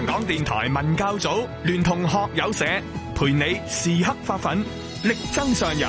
香港電台文教組聯同學友社陪你時刻發奮，力爭上游。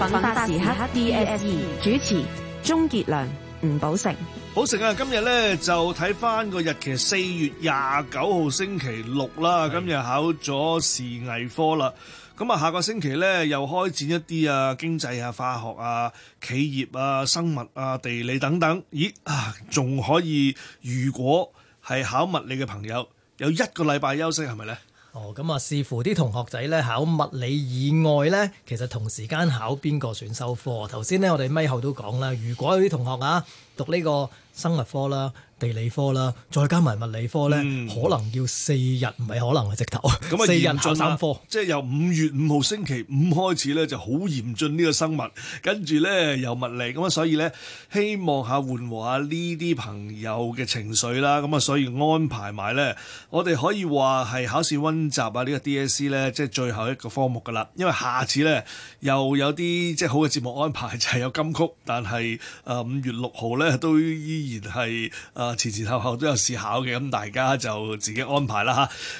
文化時刻 D S E 主持鍾杰良、吳寶成。寶成啊，今日咧就睇返個日期，四月廿九號星期六啦。今日考咗視藝科啦。咁啊，下個星期呢，又開展一啲啊經濟啊、化學啊、企業啊、生物啊、地理等等，咦啊，仲可以，如果係考物理嘅朋友，有一個禮拜休息係咪呢？哦，咁啊，視乎啲同學仔呢，考物理以外呢，其實同時間考邊個選修科？頭先呢，我哋咪後都講啦，如果有啲同學啊讀呢個生物科啦。地理科啦，再加埋物理科咧、嗯，可能要四日，唔係可能係直頭。咁啊，四日再三科，即係由五月五號星期五開始咧，就好嚴峻呢個生物，跟住咧又物理，咁啊，所以咧希望下緩和下呢啲朋友嘅情緒啦。咁啊，所以安排埋咧，我哋可以話係考試温習啊，這個、DSC 呢個 D A C 咧，即、就、係、是、最後一個科目噶啦。因為下次咧又有啲即係好嘅節目安排，就係、是、有金曲，但係誒五月六號咧都依然係誒。呃前前後後都有思考嘅，咁大家就自己安排啦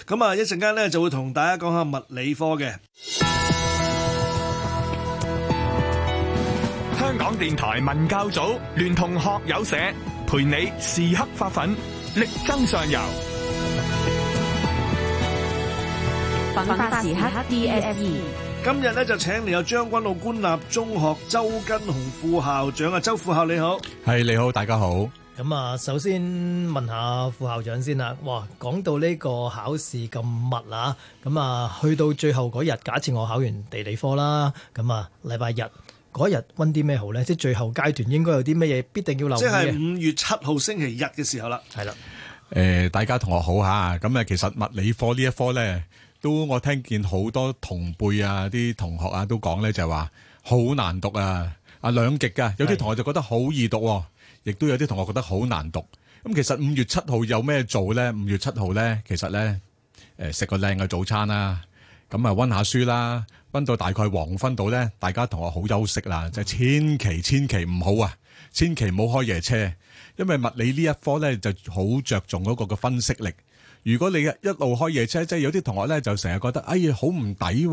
吓。咁啊，一陣間咧就會同大家講下物理科嘅。香港電台文教組聯同學友社，陪你時刻發奮，力爭上游。奮發時刻 D S E。DF2 今日咧就請嚟有將軍澳官立中學周根雄副校長啊，周副校你好，係你好，大家好。咁啊，首先問下副校長先啦。哇，講到呢個考試咁密啊，咁啊，去到最後嗰日，假設我考完地理科啦，咁啊，禮拜日嗰日溫啲咩好咧？即係最後階段應該有啲咩嘢必定要留意，即係五月七號星期日嘅時候啦，係啦。誒、呃，大家同學好嚇，咁啊，其實物理科呢一科咧，都我聽見好多同輩啊、啲同學啊都講咧，就話好難讀啊。啊，兩極噶，有啲同學就覺得好易讀。亦都有啲同學覺得好難讀，咁其實五月七號有咩做呢？五月七號呢，其實呢，誒，食個靚嘅早餐啦，咁啊温下書啦，温到大概黃昏度呢，大家同學好休息啦，就是、千祈千祈唔好啊，千祈唔好開夜車，因為物理呢一科呢就好着重嗰個嘅分析力。如果你一路開夜車，即、就、係、是、有啲同學呢，就成日覺得哎呀，好唔抵，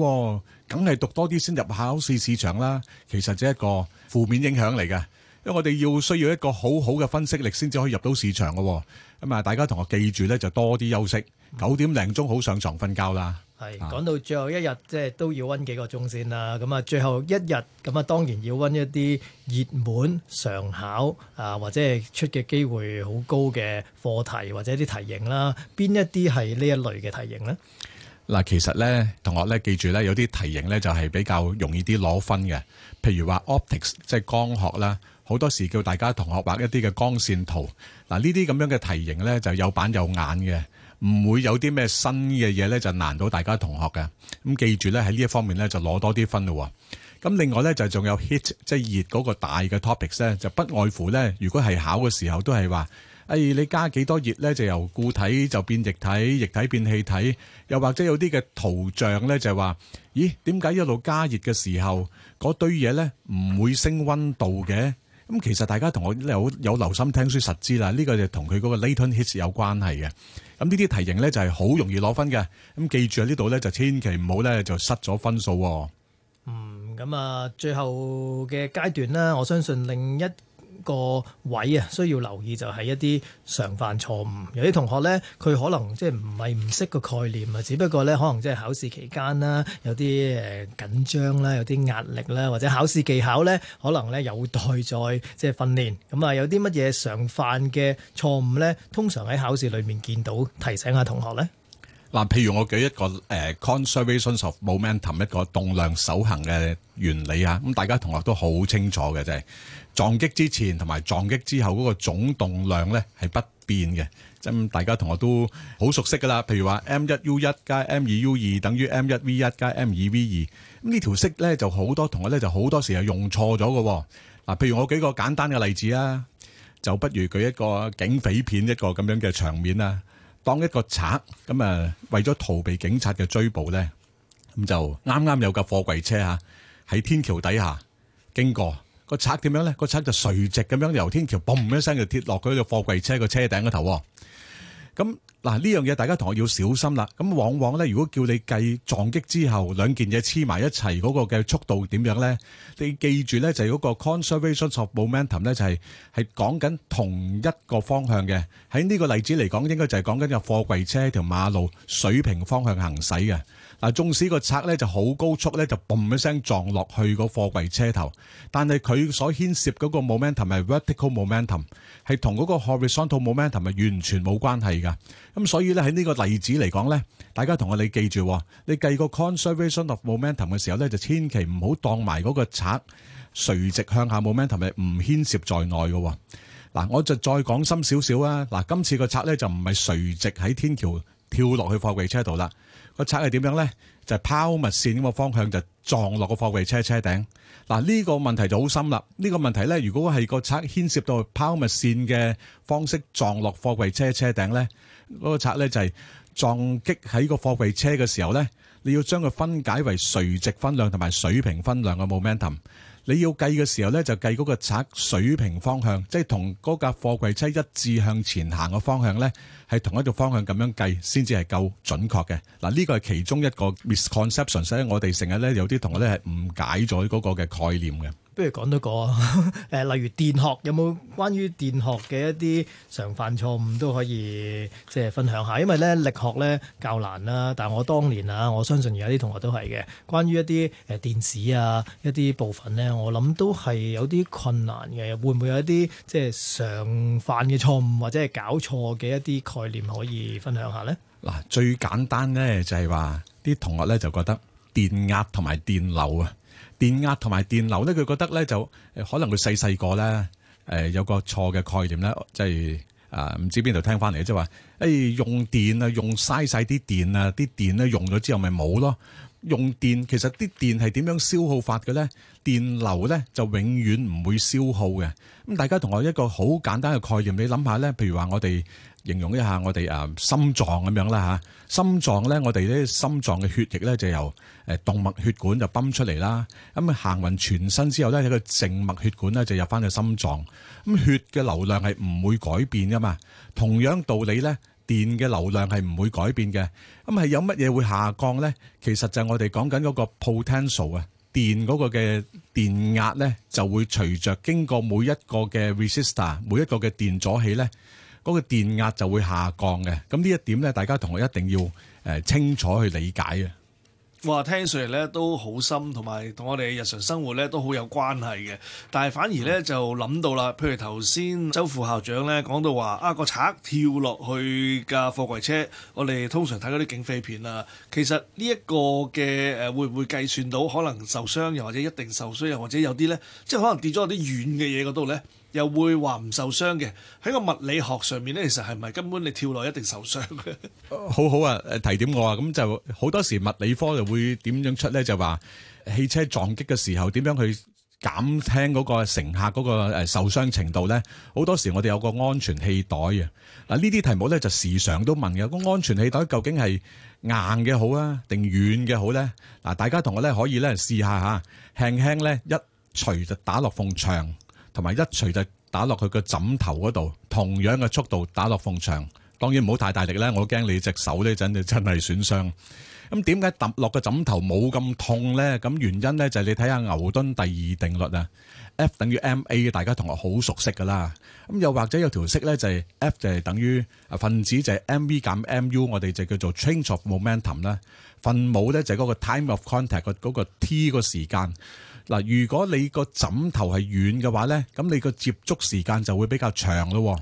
梗係、啊、讀多啲先入考試市場啦。其實就一個負面影響嚟嘅。因為我哋要需要一個好好嘅分析力，先至可以入到市場噶，咁啊！大家同學記住咧，就多啲休息，九點零鐘好上床瞓覺啦。係講到最後一日，即係都要溫幾個鐘先啦。咁啊，最後一日咁啊，當然要溫一啲熱門常考啊，或者係出嘅機會好高嘅課題或者啲題型啦。邊一啲係呢一類嘅題型呢？嗱，其實咧，同學咧記住咧，有啲題型咧就係比較容易啲攞分嘅，譬如話 optics 即係光學啦。好多時叫大家同學畫一啲嘅光線圖嗱，呢啲咁樣嘅題型咧就有板有眼嘅，唔會有啲咩新嘅嘢，咧就難到大家同學嘅。咁記住咧，喺呢一方面咧就攞多啲分咯。咁另外咧就仲有 heat 即係熱嗰個大嘅 topics 咧，就不外乎咧。如果係考嘅時候都係話，哎，你加幾多熱咧就由固體就變液體，液體變氣體，又或者有啲嘅圖像咧就係話，咦，點解一路加熱嘅時候嗰堆嘢咧唔會升溫度嘅？咁其實大家同我有有留心聽書，實知啦，呢個就同佢嗰個 latent heat 有關係嘅。咁呢啲題型呢，就係好容易攞分嘅。咁記住啊，呢度呢，就千祈唔好呢，就失咗分數。嗯，咁啊，最後嘅階段咧，我相信另一這個位啊，需要留意就係一啲常犯錯誤。有啲同學咧，佢可能即係唔係唔識個概念啊，只不過咧可能即係考試期間啦，有啲誒緊張啦，有啲壓力啦，或者考試技巧咧，可能咧有待再即係訓練。咁啊，有啲乜嘢常犯嘅錯誤咧，通常喺考試裏面見到，提醒下同學咧。嗱、就是，譬如我舉一個 conservation of momentum 一個動量守恒嘅原理啊，咁大家同學都好清楚嘅，就係撞擊之前同埋撞擊之後嗰個總動量咧係不變嘅，即係大家同學都好熟悉噶啦。譬如話 m 一 u 一加 m 二 u 二等於 m 一 v 一加 m 二 v 二，咁呢條式咧就好多同學咧就好多時候用錯咗㗎。嗱，譬如我舉個簡單嘅例子啦，就不如舉一個警匪片一個咁樣嘅場面啊。當一個賊咁啊，為咗逃避警察嘅追捕咧，咁就啱啱有架貨櫃車啊，喺天橋底下經過，個賊點樣咧？個賊就垂直咁樣由天橋嘣一聲就跌落去個貨櫃車個車頂個頭，咁。嗱，呢樣嘢大家同學要小心啦！咁往往呢，如果叫你計撞擊之後兩件嘢黐埋一齊嗰個嘅速度點樣呢？你記住呢，就係嗰個 conservation of momentum 呢，就係係講緊同一個方向嘅。喺呢個例子嚟講，應該就係講緊個貨櫃車喺條馬路水平方向行駛嘅。啊！縱使個賊咧就好高速咧，就嘣一聲撞落去個貨櫃車頭，但係佢所牽涉嗰個 momentum 係 vertical momentum 係同嗰個 horizontal momentum 係完全冇關係㗎。咁、啊、所以咧喺呢個例子嚟講咧，大家同我你記住，你計個 conservation of momentum 嘅時候咧，就千祈唔好當埋嗰個賊垂直向下 momentum 係唔牽涉在內㗎。嗱、啊，我就再講深少少啊！嗱，今次個賊咧就唔係垂直喺天橋跳落去貨櫃車度啦。個賊係點樣咧？就拋物線咁嘅方向就撞落個貨櫃車車頂。嗱，呢個問題就好深啦。呢個問題咧，如果係個賊牽涉到拋物線嘅方式撞落貨櫃車車頂咧，嗰個賊咧就係撞擊喺個貨櫃車嘅時候咧，你要將佢分解為垂直分量同埋水平分量嘅 momentum。你要計嘅時候咧，就計嗰個測水平方向，即係同嗰架貨櫃車一致向前行嘅方向咧，係同一個方向咁樣計先至係夠準確嘅。嗱，呢個係其中一個 misconception，所以我哋成日咧有啲同學咧係誤解咗嗰個嘅概念嘅。不如講多個誒，例如電學有冇關於電學嘅一啲常犯錯誤都可以即係分享下，因為咧力學咧較難啦。但係我當年啊，我相信有啲同學都係嘅。關於一啲誒電子啊一啲部分咧，我諗都係有啲困難嘅。會唔會有一啲即係常犯嘅錯誤，或者係搞錯嘅一啲概念可以分享下呢？嗱，最簡單呢，就係話啲同學咧就覺得電壓同埋電流啊。電壓同埋電流咧，佢覺得咧就可能佢細細個咧誒有個錯嘅概念咧，即係啊唔知邊度聽翻嚟即係話誒用電啊，用嘥晒啲電啊，啲電咧用咗之後咪冇咯？用電其實啲電係點樣消耗法嘅咧？電流咧就永遠唔會消耗嘅。咁大家同我一個好簡單嘅概念，你諗下咧，譬如話我哋。形容一下我哋誒心臟咁樣啦嚇，心臟咧我哋啲心臟嘅血液咧就由誒動脈血管就泵出嚟啦，咁行勻全身之後咧喺個靜脈血管咧就入翻個心臟。咁血嘅流量係唔會改變噶嘛，同樣道理咧電嘅流量係唔會改變嘅。咁係有乜嘢會下降咧？其實就係我哋講緊嗰個 potential 啊，電嗰個嘅電壓咧就會隨著經過每一個嘅 resistor，每一個嘅電阻器咧。嗰、那個電壓就會下降嘅，咁呢一點咧，大家同學一定要誒、呃、清楚去理解嘅。哇，聽上嚟咧都好深，同埋同我哋日常生活咧都好有關係嘅。但係反而咧、嗯、就諗到啦，譬如頭先周副校長咧講到話啊個賊跳落去架貨櫃車，我哋通常睇嗰啲警匪片啦，其實呢一個嘅誒、呃、會唔會計算到可能受傷又，又或者一定受傷又，又或者有啲咧，即、就、係、是、可能跌咗有啲軟嘅嘢嗰度咧？又會話唔受傷嘅，喺個物理學上面咧，其實係咪根本你跳落一定受傷嘅？好好啊，提點我啊，咁就好多時物理科就會點樣出咧？就話汽車撞擊嘅時候點樣去減輕嗰個乘客嗰個誒受傷程度咧？好多時我哋有個安全氣袋啊！嗱，呢啲題目咧就時常都問嘅。個安全氣袋究竟係硬嘅好啊，定軟嘅好咧？嗱，大家同我咧可以咧試下嚇，輕輕咧一捶就打落牆。同埋一捶就打落佢個枕頭嗰度，同樣嘅速度打落幅牆，當然唔好太大力咧，我驚你隻手呢陣就真係損傷。咁點解揼落個枕頭冇咁痛咧？咁原因咧就係、是、你睇下牛頓第二定律啊，F 等於 ma，大家同學好熟悉噶啦。咁又或者有條式咧就係、是、F 就係等於分子就係 mv 減 mu，我哋就叫做 change of momentum 啦。分母咧就係嗰個 time of contact 嗰個 t 個時間。嗱，如果你個枕頭係軟嘅話咧，咁你個接觸時間就會比較長咯。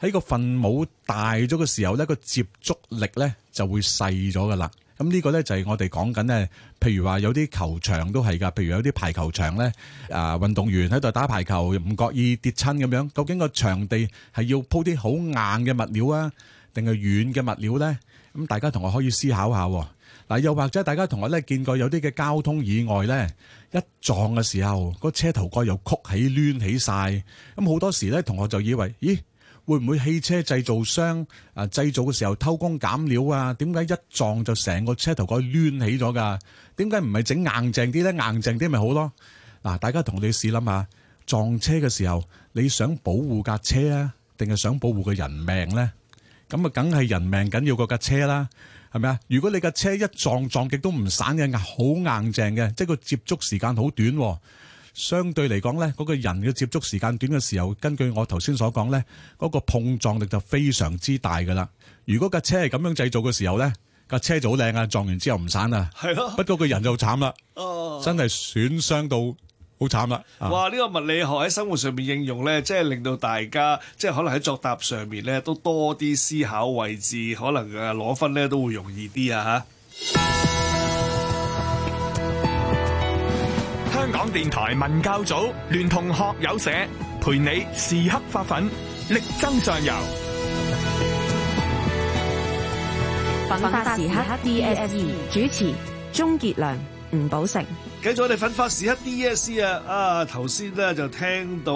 喺個分母大咗嘅時候咧，個接觸力咧就會細咗㗎啦。咁、這、呢個咧就係我哋講緊咧，譬如話有啲球場都係噶，譬如有啲排球場咧，啊、呃、運動員喺度打排球唔覺意跌親咁樣，究竟個場地係要鋪啲好硬嘅物料啊，定係軟嘅物料咧？咁大家同學，可以思考下。嗱，又或者大家同學咧見過有啲嘅交通意外咧，一撞嘅時候，個車頭蓋又曲起攣起晒。咁好多時咧同學就以為，咦，會唔會汽車製造商啊製造嘅時候偷工減料啊？點解一撞就成個車頭蓋攣起咗㗎？點解唔係整硬淨啲咧？硬淨啲咪好咯？嗱，大家同你試諗下，撞車嘅時候，你想保護架車啊？定係想保護個人命咧？咁啊，梗係人命緊要過架車啦。係咪啊？如果你架車一撞撞極都唔散嘅，好硬淨嘅，即係個接觸時間好短，哦，相對嚟講咧，嗰個人嘅接觸時間短嘅時候，根據我頭先所講咧，嗰個碰撞力就非常之大噶啦。如果架車係咁樣製造嘅時候咧，架車就好靚啊，撞完之後唔散啊。係咯。不過個人就慘啦。哦。真係損傷到。好慘啦！哇，呢、這個物理學喺生活上面應用咧，即係令到大家即係可能喺作答上面咧都多啲思考位置，可能攞分咧都會容易啲啊！吓，香港電台文教組聯同學友社陪你時刻發奮，力爭上游，奮發時刻 DSE 主持鍾杰良、吳寶成。繼續我哋奮發時刻 d s c 啊！啊頭先呢，就聽到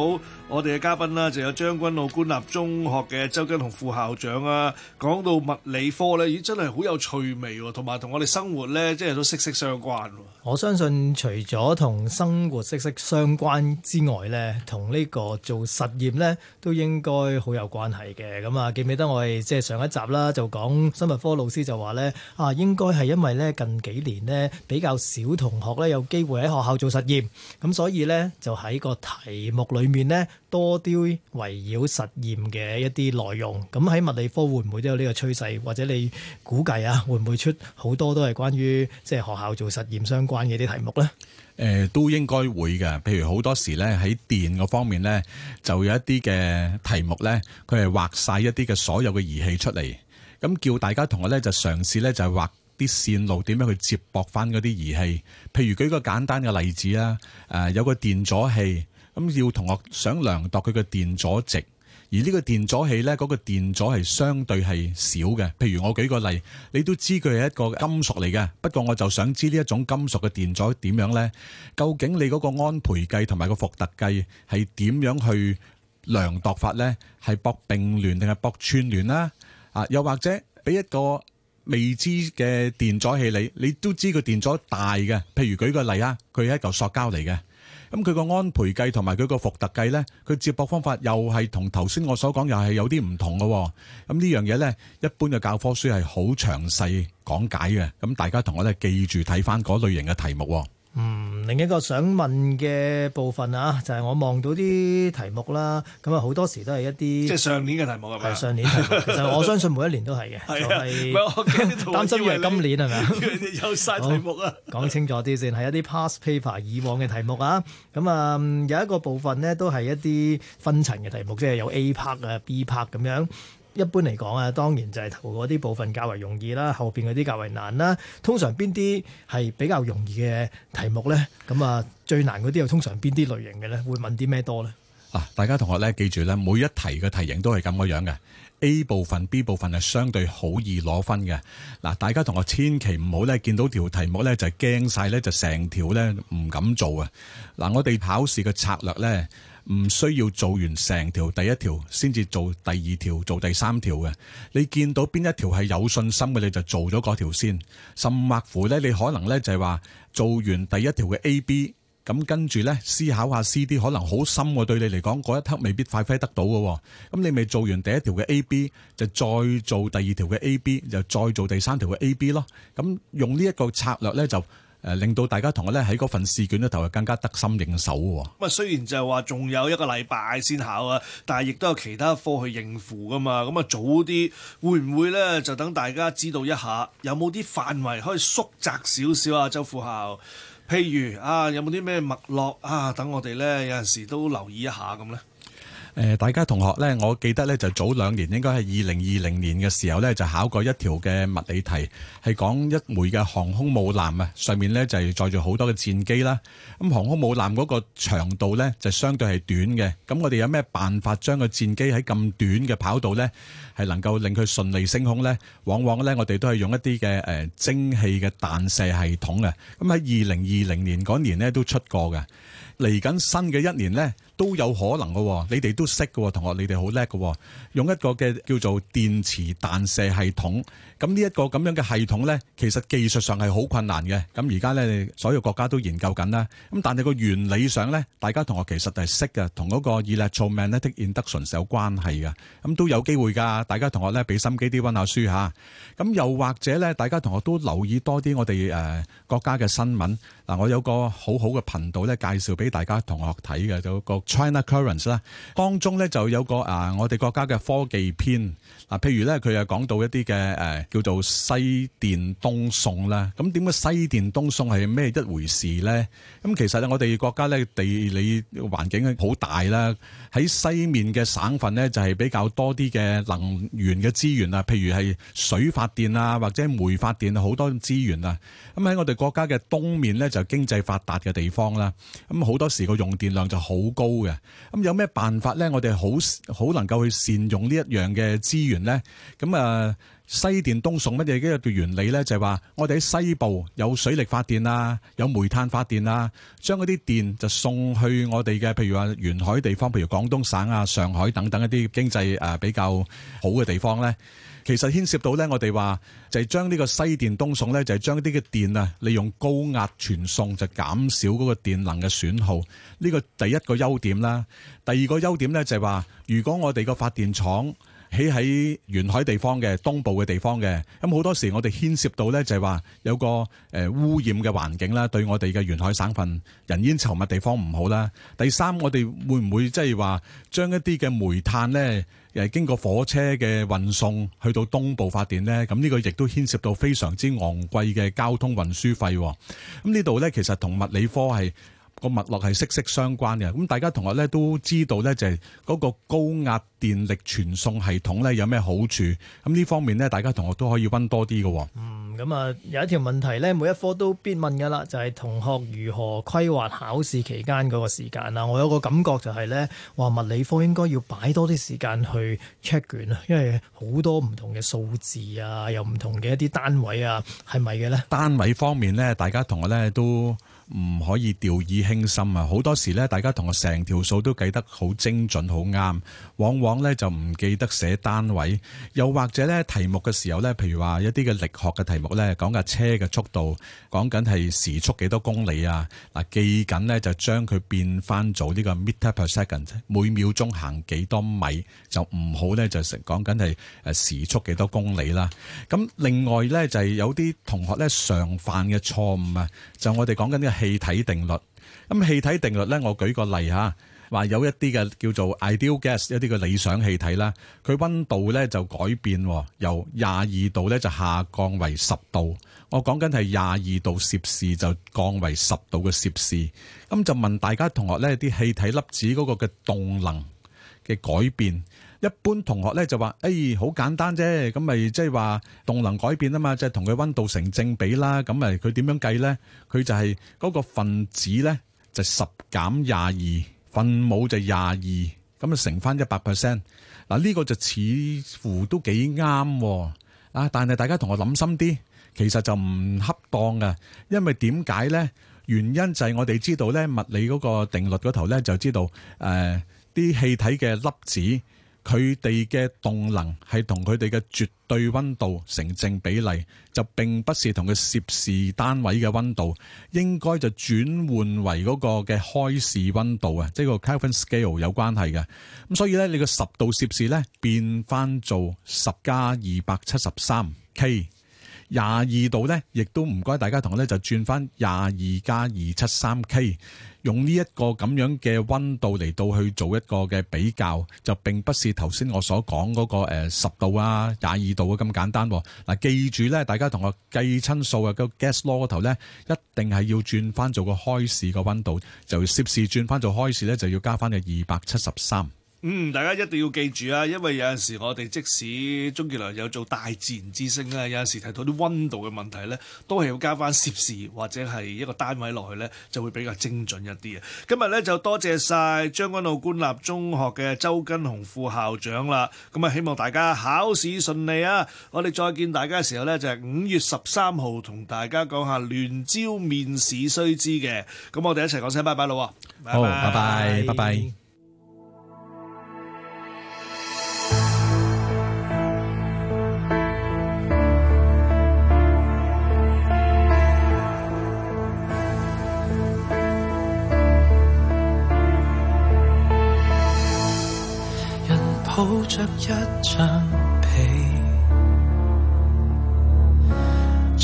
我哋嘅嘉賓啦，就有將軍澳官立中學嘅周根雄副校長啊，講到物理科呢，咦真係好有趣味，啊，同埋同我哋生活呢，即係都息息相關，啊。我相信除咗同生活息息相關之外呢，同呢個做實驗呢，都應該好有關係嘅。咁啊，記唔記得我哋即係上一集啦，就講生物科老師就話呢，啊應該係因為呢，近幾年呢，比較少同學呢，有機會喺學校做實驗，咁所以呢就喺個題目裏面呢多啲圍繞實驗嘅一啲內容。咁喺物理科會唔會都有呢個趨勢？或者你估計啊，會唔會出好多都係關於即係學校做實驗相關嘅啲題目呢？誒，都應該會嘅。譬如好多時呢喺電嗰方面呢，就有一啲嘅題目呢，佢係畫晒一啲嘅所有嘅儀器出嚟，咁叫大家同學呢就嘗試呢就係畫。啲線路點樣去接駁翻嗰啲儀器？譬如舉個簡單嘅例子啦，誒有個電阻器，咁要同學想量度佢嘅電阻值，而呢個電阻器呢，嗰個電阻係相對係少嘅。譬如我舉個例，你都知佢係一個金屬嚟嘅，不過我就想知呢一種金屬嘅電阻點樣呢？究竟你嗰個安培計同埋個伏特計係點樣去量度法呢？係駁並聯定係駁串聯啦？啊，又或者俾一個。未知嘅電阻器，你你都知佢電阻大嘅。譬如舉個例啊，佢係一嚿塑膠嚟嘅。咁佢個安培計同埋佢個伏特計咧，佢接駁方法又係同頭先我所講又係有啲唔同嘅。咁呢樣嘢咧，一般嘅教科書係好詳細講解嘅。咁大家同我咧記住睇返嗰類型嘅題目。嗯。另一個想問嘅部分啊，就係、是、我望到啲題目啦，咁啊好多時都係一啲即係上年嘅題目係咪？上年就我相信每一年都係嘅，係、 就是、啊，係 擔心以為今年係咪？有晒題目啊？講 清楚啲先，係一啲 past paper 以往嘅題目啊，咁 啊有一個部分咧都係一啲分層嘅題目，即係有 A part 啊 B part 咁樣。一般嚟講啊，當然就係頭嗰啲部分較為容易啦，後邊嗰啲較為難啦。通常邊啲係比較容易嘅題目咧？咁啊，最難嗰啲又通常邊啲類型嘅咧？會問啲咩多咧？啊，大家同學咧，記住咧，每一題嘅題型都係咁個樣嘅。A 部分、B 部分係相對好易攞分嘅。嗱，大家同學千祈唔好咧，見到條題目咧就驚晒咧，就成條咧唔敢做啊。嗱，我哋考試嘅策略咧。唔需要做完成條第一條先至做第二條，做第三條嘅。你見到邊一條係有信心嘅，你就做咗嗰條先。甚或乎呢？你可能呢，就係話做完第一條嘅 A、B，咁跟住呢，思考下 C、D，可能好深喎，對你嚟講嗰一刻未必發揮得到嘅。咁你未做完第一條嘅 A、B，就再做第二條嘅 A、B，就再做第三條嘅 A、B 咯。咁用呢一個策略呢，就～令到大家同我咧喺嗰份試卷裡頭，更加得心應手喎。咁啊，雖然就係話仲有一個禮拜先考啊，但係亦都有其他科去應付㗎嘛。咁啊，早啲會唔會咧？就等大家知道一下，有冇啲範圍可以縮窄少少啊？周副校，譬如啊，有冇啲咩脈絡啊？等我哋咧有陣時都留意一下咁咧。誒，大家同學呢，我記得呢，就早兩年，應該係二零二零年嘅時候呢，就考過一條嘅物理題，係講一枚嘅航空母艦啊，上面呢，就係載住好多嘅戰機啦。咁航空母艦嗰個長度呢，就相對係短嘅。咁我哋有咩辦法將個戰機喺咁短嘅跑道呢，係能夠令佢順利升空呢？往往呢，我哋都係用一啲嘅誒蒸汽嘅彈射系統嘅。咁喺二零二零年嗰年呢，都出過嘅。嚟緊新嘅一年咧，都有可能嘅。你哋都識嘅，同學，你哋好叻嘅。用一個嘅叫做電磁彈射系統，咁呢一個咁樣嘅系統咧，其實技術上係好困難嘅。咁而家咧，所有國家都研究緊啦。咁但係個原理上咧，大家同學其實係識嘅，同嗰個 electromagnetic induction 有關係嘅。咁都有機會㗎。大家同學咧，俾心機啲温下書下。咁又或者咧，大家同學都留意多啲我哋、呃、國家嘅新聞。嗱，我有個好好嘅頻道咧，介紹俾大家同學睇嘅，就個 China Currents 啦。當中咧就有個啊，我哋國家嘅科技篇。嗱，譬如咧，佢又講到一啲嘅誒叫做西電東送啦。咁點解西電東送係咩一回事咧？咁其實咧，我哋國家咧，地理環境好大啦。喺西面嘅省份咧，就係比較多啲嘅能源嘅資源啊，譬如係水發電啊，或者煤發電好多資源啊。咁喺我哋國家嘅東面咧。就經濟發達嘅地方啦，咁好多時個用電量就好高嘅，咁有咩辦法咧？我哋好好能夠去善用這資源呢一樣嘅資源咧，咁、嗯、啊～西電東送乜嘢嘅原理呢，就係話我哋喺西部有水力發電啊，有煤炭發電啊，將嗰啲電就送去我哋嘅，譬如話沿海地方，譬如廣東省啊、上海等等一啲經濟誒比較好嘅地方呢。其實牽涉到呢，我哋話就係將呢個西電東送呢，就係將啲嘅電啊，利用高壓傳送就減少嗰個電能嘅損耗。呢個第一個優點啦，第二個優點呢，就係話，如果我哋個發電廠。起喺沿海地方嘅東部嘅地方嘅，咁好多時我哋牽涉到咧就係話有個誒污染嘅環境啦，對我哋嘅沿海省份人煙稠密地方唔好啦。第三，我哋會唔會即係話將一啲嘅煤炭咧誒經過火車嘅運送去到東部發電咧？咁呢個亦都牽涉到非常之昂貴嘅交通運輸費。咁呢度咧其實同物理科係個脈絡係息息相關嘅，咁大家同學咧都知道呢就係嗰個高壓電力傳送系統呢有咩好處？咁呢方面呢大家同學都可以溫多啲嘅。嗯，咁啊有一條問題呢每一科都必問噶啦，就係同學如何規劃考試期間嗰個時間啊？我有個感覺就係呢話物理科應該要擺多啲時間去 check 卷啊，因為好多唔同嘅數字啊，有唔同嘅一啲單位啊，係咪嘅呢？單位方面呢大家同學呢都，唔可以掉以輕心啊！好多時咧，大家同我成條數都計得好精準、好啱，往往咧就唔記得寫單位，又或者咧題目嘅時候咧，譬如話一啲嘅力學嘅題目咧，講架車嘅速度，講緊係時速幾多公里啊？嗱，記緊咧就將佢變翻做呢個 meter per second，每秒鐘行幾多米，就唔好咧就成講緊係誒時速幾多公里啦。咁另外咧就係、是、有啲同學咧常犯嘅錯誤啊，就我哋講緊嘅。氣體定律，咁氣體定律咧，我舉個例嚇，話有一啲嘅叫做 ideal gas，一啲嘅理想氣體啦，佢溫度咧就改變，由廿二度咧就下降為十度。我講緊係廿二度攝氏就降為十度嘅攝氏，咁就問大家同學咧，啲氣體粒子嗰個嘅動能嘅改變。一般同學咧就話，哎、欸，好簡單啫，咁咪即係話動能改變啊嘛，即係同佢温度成正比啦。咁咪佢點樣計咧？佢就係嗰個分子咧就十減廿二，分母就廿二，咁咪乘翻一百 percent。嗱、啊，呢、這個就似乎都幾啱啊。但係大家同我諗深啲，其實就唔恰當嘅，因為點解咧？原因就係我哋知道咧物理嗰個定律嗰頭咧就知道，誒、呃、啲氣體嘅粒子。佢哋嘅動能係同佢哋嘅絕對溫度成正比例，就並不是同佢攝氏單位嘅溫度，應該就轉換為嗰個嘅開氏溫度啊，即係個 Kelvin scale 有關係嘅。咁所以呢，你個十度攝氏呢，變翻做十加二百七十三 K。廿二度呢，亦都唔該，大家同我呢就轉翻廿二加二七三 k，用呢一個咁樣嘅溫度嚟到去做一個嘅比較，就並不是頭先我所講嗰、那個誒十、呃、度啊廿二度嘅、啊、咁簡單、啊。嗱、啊，記住呢，大家同我計親數啊，那個 gas law 嗰頭呢，一定係要轉翻做個開市個溫度，就攝氏轉翻做開市呢，就要加翻去二百七十三。嗯，大家一定要記住啊，因為有陣時我哋即使鍾傑良有做大自然之聲咧，有陣時提到啲溫度嘅問題咧，都係要加翻攝氏或者係一個單位落去咧，就會比較精準一啲嘅。今日咧就多謝晒將軍澳官立中學嘅周根雄副校長啦。咁啊，希望大家考試順利啊！我哋再見大家嘅時候咧，就係五月十三號同大家講下聯招面試須知嘅。咁我哋一齊講聲拜拜咯！好，拜拜，拜拜。着一張被，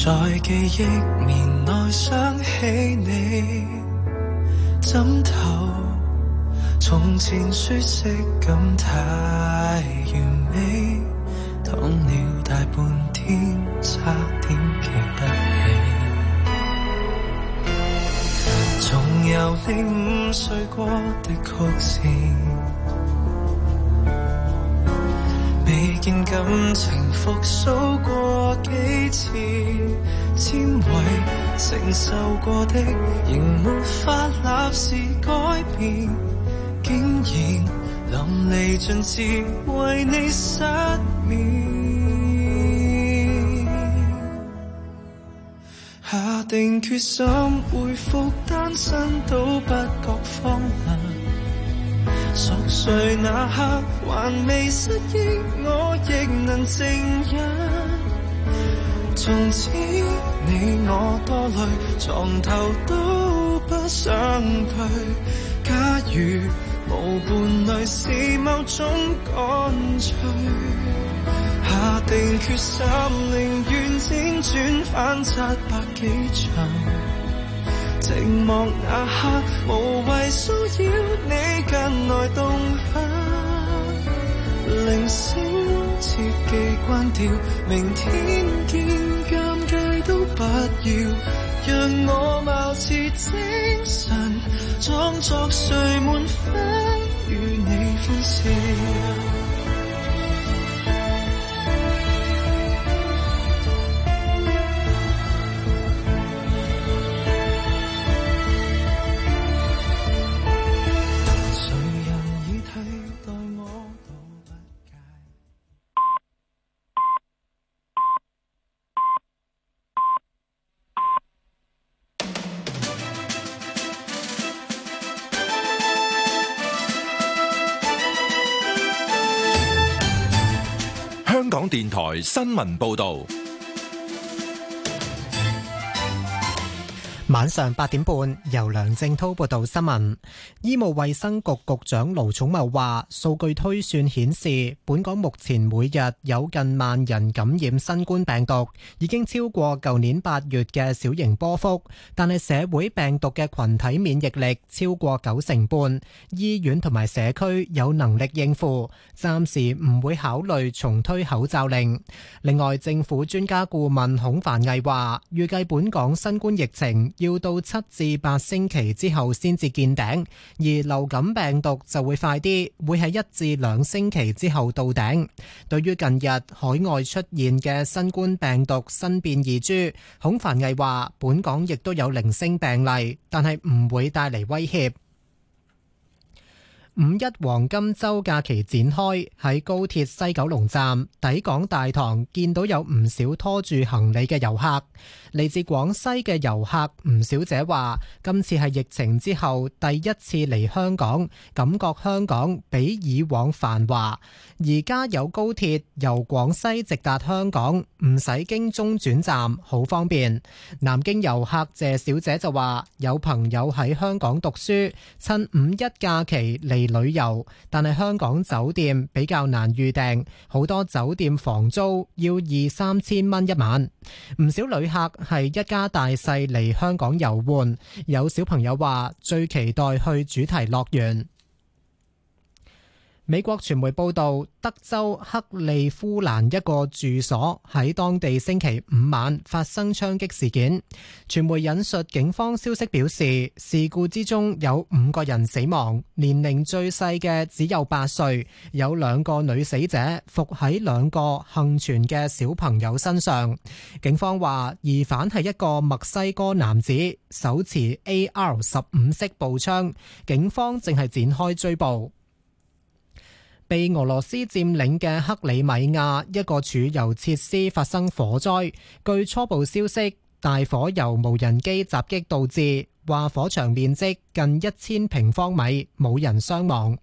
在記憶綿內想起你，枕頭從前舒適感太完美，躺了大半天差點記不起，重遊你午睡過的曲線。見感情復蘇過幾次，千回承受過的，仍沒法立時改變，竟然淋漓盡致為你失眠。下定決心回復單身，都不覺荒涼。熟睡那刻，還未失憶，我亦能靜忍。從此你我多累，床頭都不想退。假如無伴侶是某種乾脆，下定決心，寧願輾轉反側百幾場。寂寞那刻，無謂騷擾你近來動向。鈴聲切記關掉，明天見，尷尬都不要。讓我貌似精神，裝作睡滿分，與你歡笑。電台新聞報道。晚上八點半，由梁正滔報道新聞。醫務衛生局局長盧寵茂話，數據推算顯示，本港目前每日有近萬人感染新冠病毒，已經超過舊年八月嘅小型波幅。但係社會病毒嘅群體免疫力超過九成半，醫院同埋社區有能力應付，暫時唔會考慮重推口罩令。另外，政府專家顧問孔凡毅話，預計本港新冠疫情。要到七至八星期之後先至見頂，而流感病毒就會快啲，會喺一至兩星期之後到頂。對於近日海外出現嘅新冠病毒新變異株，孔繁毅話：本港亦都有零星病例，但係唔會帶嚟威脅。五一黃金周假期展開，喺高鐵西九龍站，抵港大堂見到有唔少拖住行李嘅遊客。嚟自廣西嘅遊客吳小姐話，今次係疫情之後第一次嚟香港，感覺香港比以往繁華。而家有高鐵由廣西直達香港，唔使經中轉站，好方便。南京遊客謝小姐就話，有朋友喺香港讀書，趁五一假期嚟。旅遊，但係香港酒店比較難預訂，好多酒店房租要二三千蚊一晚。唔少旅客係一家大細嚟香港遊玩，有小朋友話最期待去主題樂園。美國傳媒報道，德州克利夫蘭一個住所喺當地星期五晚發生槍擊事件。傳媒引述警方消息表示，事故之中有五個人死亡，年齡最細嘅只有八歲，有兩個女死者伏喺兩個幸存嘅小朋友身上。警方話，疑犯係一個墨西哥男子，手持 AR 十五式步槍，警方正係展開追捕。被俄羅斯佔領嘅克里米亞一個儲油設施發生火災，據初步消息，大火由無人機襲擊導致，話火場面積近一千平方米，冇人傷亡。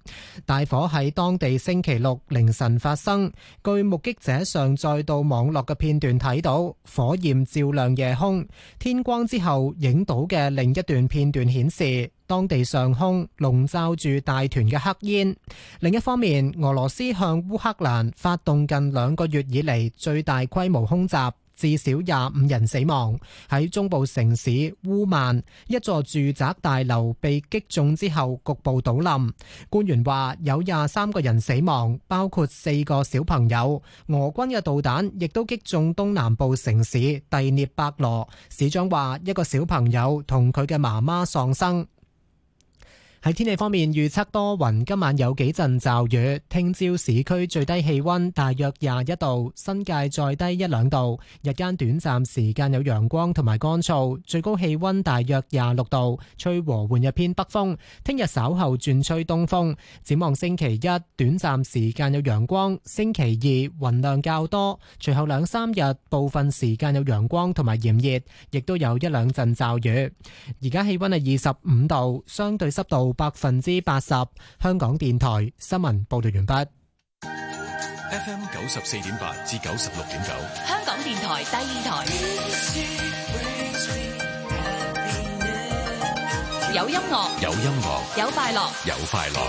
大火喺當地星期六凌晨發生，據目擊者上載到網絡嘅片段睇到，火焰照亮夜空。天光之後影到嘅另一段片段顯示，當地上空籠罩住大團嘅黑煙。另一方面，俄羅斯向烏克蘭發動近兩個月以嚟最大規模空襲，至少廿五人死亡。喺中部城市烏曼，一座住宅大樓被擊中之後局部倒冧。官員話有廿三個人死亡，包括四個小朋友。俄軍嘅導彈亦都擊中東南部城市第聶伯羅。市長話一個小朋友同佢嘅媽媽喪生。喺天氣方面預測多雲，今晚有幾陣驟雨，聽朝市區最低氣溫大約廿一度，新界再低一兩度。日間短暫時間有陽光同埋乾燥，最高氣溫大約廿六度，吹和緩一偏北風。聽日稍後轉吹東風。展望星期一短暫時間有陽光，星期二雲量較多，隨後兩三日部分時間有陽光同埋炎熱，亦都有一兩陣驟雨。而家氣溫係二十五度，相對濕度。百分之八十，香港電台新聞報道完畢。FM 九十四點八至九十六點九，香港電台第二台，有音樂，有音樂，有快樂，有快樂。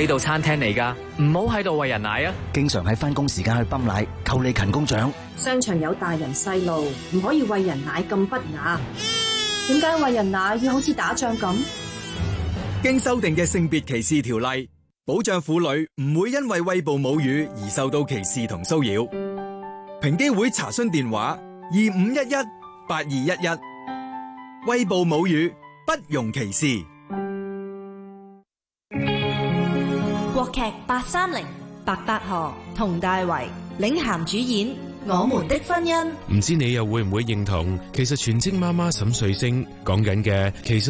呢度餐廳嚟噶，唔好喺度餵人奶啊！經常喺翻工時間去泵奶，扣你勤工獎。商場有大人細路，唔可以餵人奶咁不雅。點解餵人奶要好似打仗咁？經修訂嘅性別歧視條例，保障婦女唔會因為餵哺母乳而受到歧視同騷擾。平機會查詢電話：二五一一八二一一。餵哺母乳，不容歧視。八三零、白百何、佟大為領銜主演《我們的婚姻》，唔知你又會唔會認同？其實全職媽媽沈瑞星講緊嘅，其實。